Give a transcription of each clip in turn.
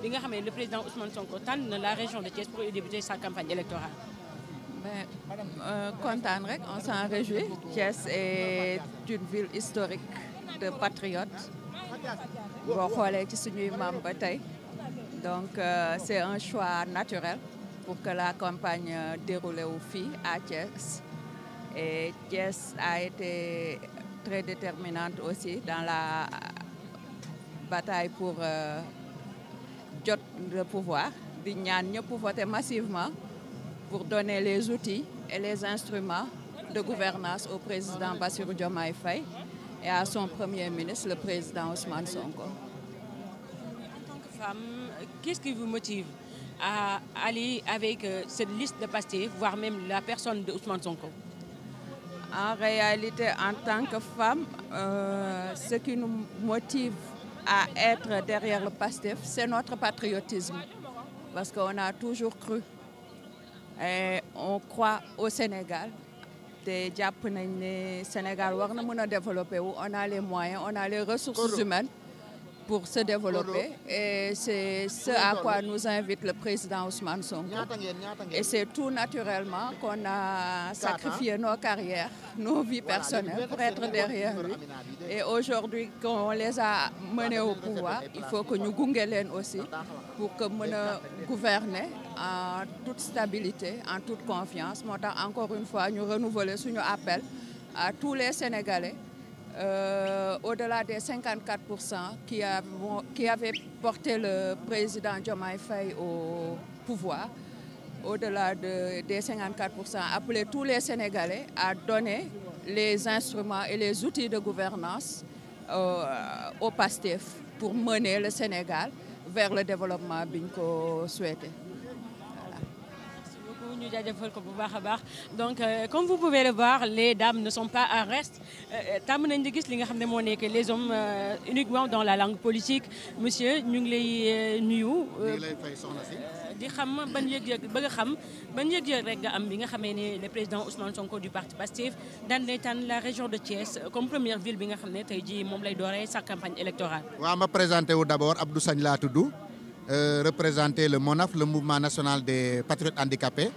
bi nga xam ne le président Ousmane Sonko tànn na la région de Thiès pour y débuter sa campagne électorale. ben euh, kontaan rek on s'en réjouit Thiès est une ville historique de patriotes boo xoolee ci suñuy maam ba tey donc euh, c'est un choix naturel pour que la campagne euh, déroule wu fii à Thiès et Thiès a été très déterminante aussi dans la bataille pour. Euh, jot le pouvoir di ñaan ñëpp voter massivement pour donner les outils et les instruments de gouvernance au président Bassirou Diomaye Faye et à son premier ministre le président Ousmane Sonko. Femme, qu'est-ce qui vous motive à euh, la personne de Ousmane Sonko? En réalité, en tant que femme, euh, ce qui nous motive à être derrière le PASTEF, c'est notre patriotisme. Parce qu'on a toujours cru. Et on croit au Sénégal. Des Sénégal, on a les moyens, on a les ressources humaines. pour se développer et c'est ce à quoi nous invite le président Ousmane Sonko. Et c'est tout naturellement qu'on a sacrifié nos carrières, nos vies personnelles pour être derrière lui. Et aujourd'hui qu'on les a menés au pouvoir, il faut que nous leen aussi pour que mën a gouverner en toute stabilité, en toute confiance. Moo tax encore une fois ñu renouveler suñu appel à tous les Sénégalais euh, au-delà des 54 pour cent qui avons qui avaient porté président Diomaye Faye au pouvoir au-delà de des 54 pour cent appeler tous les Sénégalais à donner les instruments et les outils de gouvernance euh, au pour mener le Sénégal vers le développement bi ko souhaité ñu jaajëfal ko bu baax a baax donc euh, comme vous pouvez le voir les dames ne sont pas à reste euh, euh, tàmm nañ di gis li nga xam ne moo nekk les hommes uniquement dans la langue politique monsieur ñu ngi lay nuyu. di xam ban yëg-yëg bëgg a xam ban yëg-yëg rek am bi nga xamee ne le président Ousmane Sonko du parti Pastef daan lay tànn la région de Thiès comme première ville bi nga xam ne tey jii moom lay dooree sa campagne électorale. waaw ma présenté wu d' abord Abdou Sagne laa tudd représenté le MONAF le mouvement national des patriotes handicapés.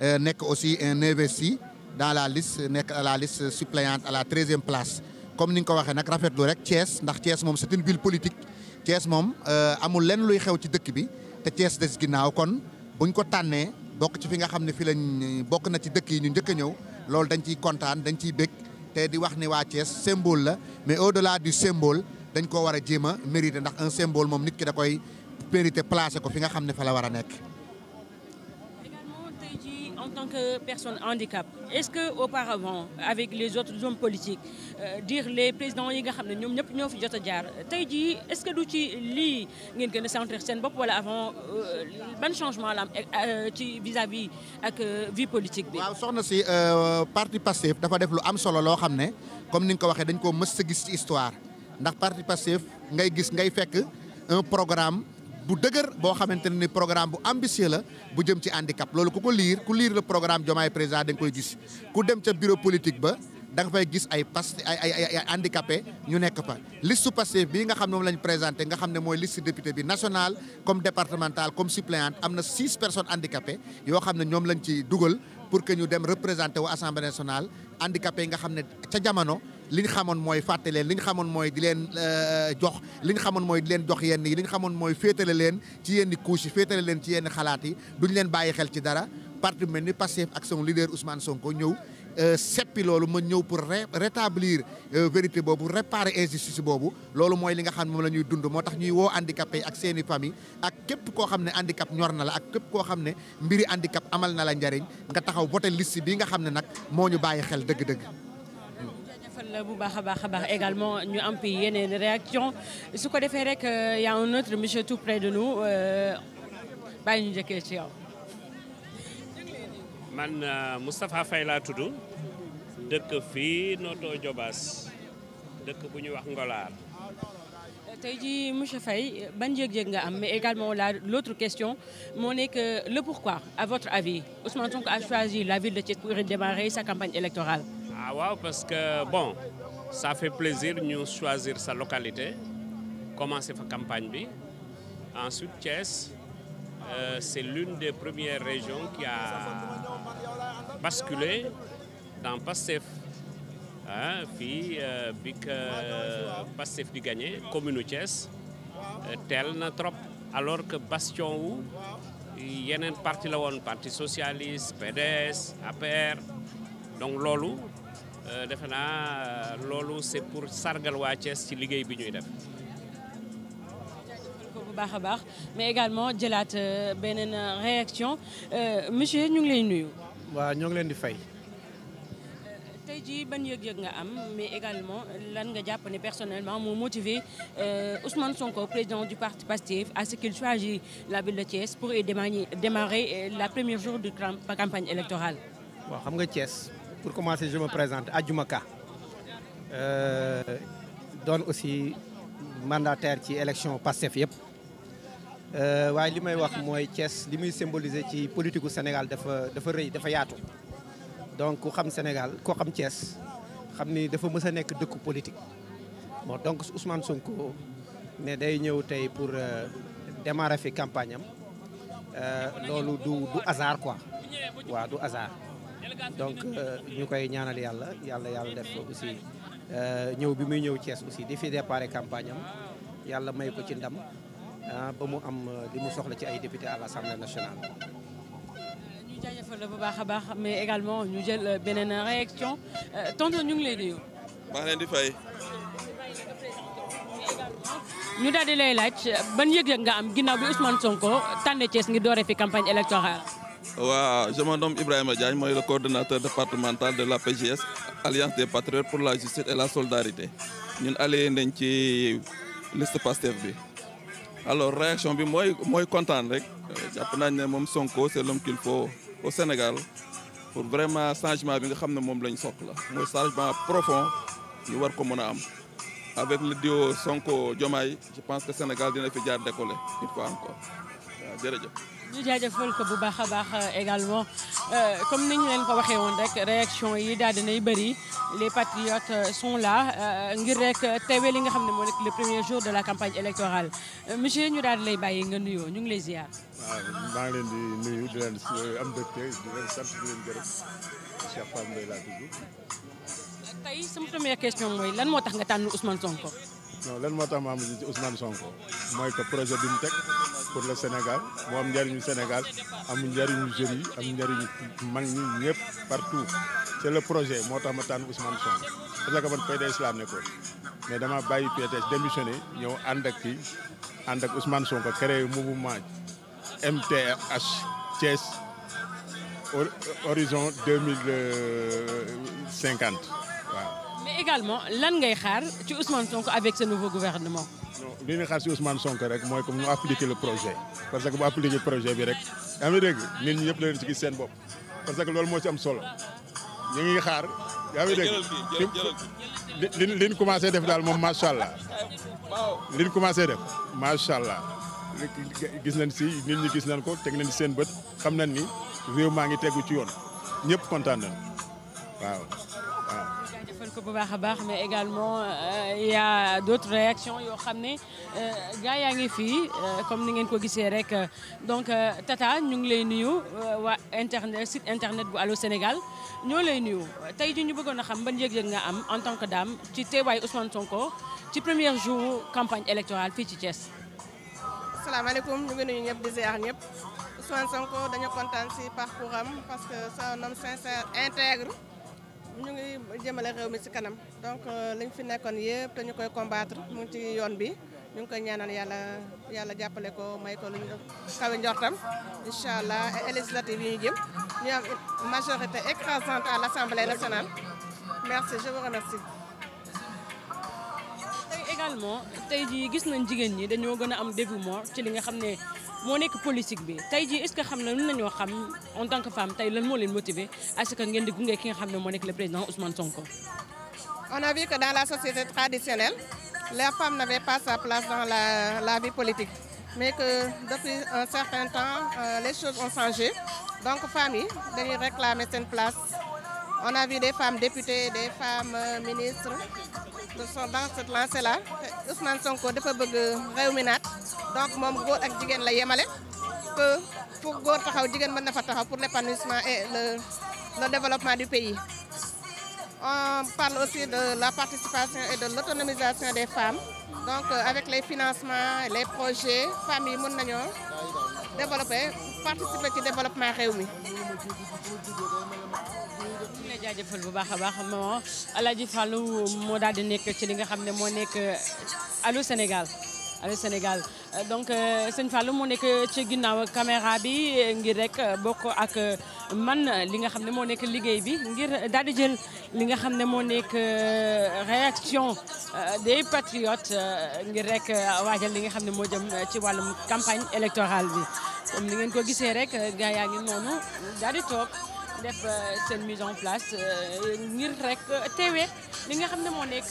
Euh, nekk aussi un investi dans la liste nekk la liste suppléante à la treizième place comme ni nga ko waxee nag rafetlu rek Thiès ndax Thiès moom c'est une ville politique Thiès moom euh, amul lenn luy xew ci dëkk bi te Thiès des ginnaaw kon buñ ko tànnee bokk ci fi nga xam ne fi lañ bokk na ci dëkk yi ñu njëkk a ñëw loolu dañ ciy kontaan dañ ciy bég te di wax ni waa Thiès symbole la mais au-delà du symbole dañ ko war a jéem a mériter ndax un symbole moom nit ki da koy mériter placer ko fi nga xam ne fa la war a nekk en tant que personne handicap est-ce que auparavant avec les autres hommes politiques euh, dire les présidents yi nga xam ne ñoom ñëpp ñoo fi jot a jaar tey jii est-ce que du ci lii ngeen gën a centrer seen bopp wala avant euh, ban changement la am euh, ci vis-à-vis ak euh, vie politique bi. waaw soxna si parti Pastef dafa def lu am solo loo xam ne comme ni nga ko waxee dañ koo mës a gis ci histoire ndax parti Pastef ngay gis ngay fekk un programme. bu dëgër boo xamante ne ni programme bu ambitieux la bu jëm ci handicap loolu ku ko liir ku liir la programme Diomaye président da nga koy gis ku dem ca bureau politique ba danga nga fay gis ay pas ay ay ñu nekk fa liste Pastef bii nga xam ne moom lañ présenté nga xam ne mooy liste député bi national comme départemental comme suppléante am na six personnes handicapées yoo xam ne ñoom lañ ci dugal pour que ñu dem représenté wu assemblée nationale handicapé nga xam ne ca jamono li ñu xamoon mooy fàtte leen li ñu xamoon mooy di leen euh, euh, jox li ñu xamoon mooy di leen jox yenn yi li ñu xamoon mooy féetale leen ci yenn couche yi féetale leen ci yenn xalaat yi duñ leen bàyyi xel ci dara parti mel ni Pastef ak son leader Ousmane Sonko ñëw euh, seppi loolu ma ñëw pour rétablir vérité boobu réparer injustice boobu loolu mooy li nga xam ne moom la ñuy dund moo tax ñuy woo handicapé ak seeni famille ak képp koo xam ne handicap ñor na la ak képp koo xam ne mbiri handicap amal na la njariñ nga taxaw voté liste bi nga xam ne nag moo ñu bàyyi xel dëgg-dëgg la bu baax a baax a baax également ñu am fi yeneen réaction su ko defee rek euh, ya a un autre monsieur tout près de nous euh, bàyyi ñu njëkkee ci yow. mustafa euh, Moustapha Faye laa tudd dëkk fii Noto Diobass dëkk bu ñuy wax Ngolaar. te jii monsieur Faye ban yëg-yëg nga am mais également la l'autre question moo nekk le pourquoi à votre avis Ousmane Sonko a choisi la ville de Thiès pour démarrer sa campagne électorale. Ah, waaw parce que bon ça fait plaisir ñu choisir sa localité commencé fa campagne bi en Thiès euh, c'est l'une des premières régions qui a basculé dans Pastef ah fii euh, bi que Pastef di gagné commune Thiès euh, tel na trop alors que bastion wu yeneen parti la woon parti socialiste PDS APR donc loolu Euh, defe naa loolu c'est pour sargal waa Thiès ci liggéey bi ñuy def. bu baax a baax mais également jëlaat euh, beneen euh, réaction monsieur ñu ngi lay nuyu. waaw ñoo ngi leen di fay. tey jii ban yëg-yëg nga am mais également lan nga jàpp ni personnellement moo motivé Ousmane Sonko président du parti Pastef à ce qu'il choisit la ville de Thiès pour y démarrer la première jour de campagne électorale. waaw xam nga cees pour commencer je me présente Adjuma Ka euh, doon aussi mandataire ci élection Pastef yëpp euh, waaye li may wax mooy Thiès li muy symboliser ci politique gu Sénégal dafa dafa rëy dafa yaatu donc xam Sénégal koo xam Thiès xam ni dafa mës a nekk dëkku politique moo donc Ousmane Sonko ne day ñëw tey pour euh, démarrer fi campagne am euh, loolu du du hasard quoi waaw du hasard donc euh, ñu koy ñaanal yàlla yàlla yàlla def aussi euh, ñëw bi muy ñëw Thiès aussi di fi déparé campagne yàlla may ko ci ndam ah, ba mu am euh, li mu soxla ci ay député à l'Assemblée nationale. ñu jaajëfal la bu baax a baax mais également ñu jël beneen réaction tonton ñu ngi lay nuyu. maa ngi leen di fay. ñu daal di lay laaj ban yëg-yëg nga am ginnaaw bi Ousmane Sonko tànn Thiès ngir doore fi campagne électorale. waaw je me nomme Ibrahima Diagne mooy le coordonnateur départemental de l'APJS alliance des patriotes pour la justice et la solidarité ñun allié nañ ci liste Pastef bi alors réaction bi mooy mooy kontaan rek jàpp nañ ne moom Sonko c'est l'homme qu'il faut au Sénégal pour vraiment changement bi nga xam ne moom lañ la mooy changement profond ñu war ko mën a am avec le duo Sonko Diomaye je pense que Sénégal dina fi jaar décolé une fois encore waaw jërëjëf ñu jaajëfal ko bu baax a baax euh, également euh, comme ni ñu leen ko waxee woon rek réaction yi daal dinay bëri les patriotes euh, sont là ngir rek teewee li nga xam ne moo nekk le premier jour de la campagne électorale monsieur ñu daal di lay bàyyi nga nuyoo ñu ngi lay ziar. waaw maa ngi leen di nuyu di leen am mbégte di leen sant di leen gërëm première question mooy lan moo tax nga tànn Ousmane Sonko. non lan moo tax ma am ci Ousmane Sonko mooy que projet bi mu teg pour le Sénégal mu am jariñu Sénégal am njëriñu jeunes yi am njëriñu mag ñi ñëpp partout c'est le projet moo tax ma tànn Ousmane Sonko parce que man PDS laa nekkoon mais dama bàyyi PDS démissionné ñëw ànd ak kii ànd ak Ousmane Sonko créé mouvement MTH Thiès horizon deux mille cinquante mais également lan ngay xaar ci Ousmane Sonko avec ce nouveau gouvernement. non li ñuy xaar si Ousmane Sonko rek mooy comme ñu appliquer le projet parce que bu lu projet bi rek yaa ngi dégg nit ñi ñëpp da leen seen bopp parce que lool moo ci am solo ñu ngi xaar. yaa ngi li li ñu commencé def daal moom macha allah li ñu commencé def macha allah gis nañ si nit ñi gis nañ ko teg nañ si seen bët xam nañ ni réew maa ngi tegu ci yoon ñëpp kontaan waaw. ko bu baax a baax mais également euh, il a d'autres réactions yoo xam ne euh, gars yaa ngi fi euh, comme ni ngeen ko gisee rek donc Tata ñu ngi lay nuyu waa internet site internet bu Allô Sénégal ñoo lay nuyu tey ci ñu bëggoon a xam ban yëg-yëg nga am en tant que dame ci teewaayu Ousmane Sonko ci premier jour campagne électorale fii ci Thiès. asalaamaaleykum ñu ngi nuyu ñëpp di ziar ñëpp Ousmane Sonko dañu kontaan si parcours am parce que c'est un homme intègre. ñu ngi jëmale réew mi ci kanam donc euh, lañ fi nekkoon yëpp te ñu koy combattre mu ci yoon bi ñu ngi koy ñaanal yàlla yàlla jàppale ko may ko luñ kawe njortam incha allah et législative yi ñu jëm ñu am majorité écrasante à l'Assemblée nationale merci je vous remercie. finalement tey jii gis nañ jigéen ñi dañoo gën a am dévouement ci li nga xam ne moo nekk bi tey jii est-ce que xam na lu xam en tant que femme tey lan moo leen motiver à ce que ngeen di gunge ki xam ne moo le président Ousmane Sonko. on a vu que dans la société traditionnelle les femmes n'avaient pas sa place dans la la vie politique mais que depuis un certain temps euh, les choses ont changé donc femmes yi dañuy réclamer seen place. On a vu des femmes députées, des femmes euh, ministres qui sont dans cette lancée-là. Ousmane Sonko dafa bëgg réew mi naat donc moom góor ak jigéen la yemale que pour góor taxaw jigéen mën na fa taxaw pour l'épanouissement et le développement du pays. On parle aussi de la participation et de l'autonomisation des femmes donc euh, avec les financements les projets femmes yi mën nañoo développer participer ci développement réew mi. ñu lay bu baax a baax maman Alaaji Fallou moo daal di nekk ci li nga xam ne moo nekk Allô Sénégal Allô Sénégal donc euh, sëñ Fallou moo nekk ci ginnaaw caméra bi ngir rek bokk ak man li nga xam ne moo nekk liggéey bi ngir daal di jël li nga xam ne moo nekk euh, réaction euh, des patriotes ngir rek waajal li nga xam ne moo jëm ci wàllum campagne électorale bi ngeen ko gisee rek gaa yaa noonu daal toog. def euh, seen mise en place euh, ngir rek euh, teewee li nga xam ne moo nekk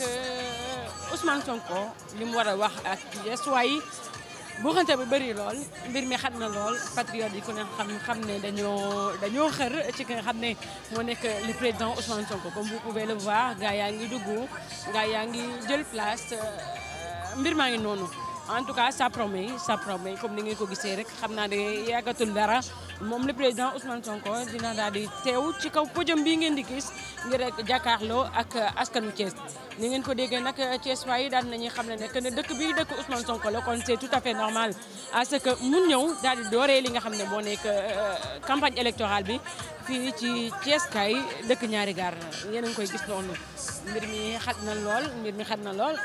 Ousmane Sonko li mu war a wax ak gestuwa yi buuxante bi bëri lool mbir mi xat na lool patriote yi ku ne xam xam ne dañoo dañoo xër ci ki xam ne moo nekk le président Ousmane Sonko comme vous pouvez le voir gaa yaa ngi dugg gaa yaa ngi jël place mbir maa ngi noonu. en tout cas ça promet ça promet comme ni ngeen ko gisee rek xam naa ne yàggatul dara moom le président Ousmane Sonko dina daal di teew ci kaw podium bii ngeen di gis ngir rek jàkkaarloo ak askanu Thiès. ni ngeen ko déggee nag Thiès waaye daan nañuy xam ne nekk ne dëkk bi dëkk Ousmane Sonko la kon c'est tout à fait normal a ce que mun ñëw daal di dooree li nga xam ne moo nekk euh, campagne électoral bi fii ci Thiès kay dëkk ñaari gaar na yéen koy gis noonu mbir mi xat na lool mbir mi xat na lool.